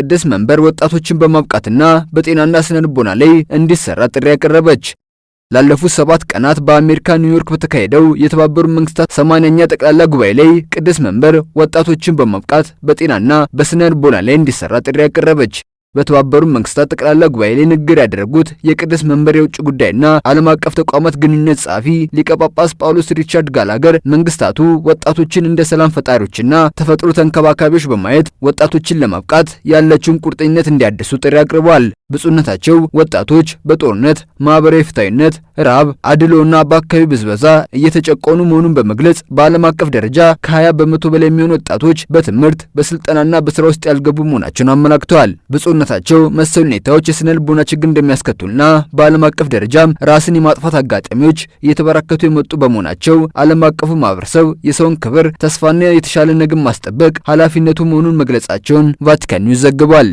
ቅድስ መንበር ወጣቶችን በማብቃትና በጤናና ስነ ልቦና ላይ እንዲሰራ ጥሪ ያቀረበች። ላለፉት ሰባት ቀናት በአሜሪካ ኒውዮርክ በተካሄደው የተባበሩት መንግስታት ሰማንያኛ ጠቅላላ ጉባኤ ላይ ቅድስ መንበር ወጣቶችን በማብቃት በጤናና በስነ ልቦና ላይ እንዲሰራ ጥሪ ያቀረበች በተባበሩ መንግስታት ጠቅላላ ጉባኤ ላይ ንግግር ያደረጉት የቅድስት መንበር የውጭ ጉዳይና ዓለም አቀፍ ተቋማት ግንኙነት ጸሐፊ ሊቀ ጳጳስ ጳውሎስ ሪቻርድ ጋላገር መንግስታቱ ወጣቶችን እንደ ሰላም ፈጣሪዎችና ተፈጥሮ ተንከባካቢዎች በማየት ወጣቶችን ለማብቃት ያለችውን ቁርጠኝነት እንዲያድሱ ጥሪ አቅርበዋል። ብፁዕነታቸው ወጣቶች በጦርነት ማህበራዊ ፍታዊነት፣ ራብ፣ አድሎና በአካባቢ ብዝበዛ እየተጨቆኑ መሆኑን በመግለጽ በዓለም አቀፍ ደረጃ ከ20 በመቶ በላይ የሚሆኑ ወጣቶች በትምህርት በስልጠናና በስራ ውስጥ ያልገቡ መሆናቸውን አመላክተዋል። ብፁዕነታቸው መሰል ሁኔታዎች የስነ ልቦና ችግር እንደሚያስከትሉና በዓለም አቀፍ ደረጃም ራስን የማጥፋት አጋጣሚዎች እየተበራከቱ የመጡ በመሆናቸው ዓለም አቀፉ ማህበረሰብ የሰውን ክብር፣ ተስፋና የተሻለ ነግም ማስጠበቅ ኃላፊነቱ መሆኑን መግለጻቸውን ቫቲካን ኒውስ ዘግቧል።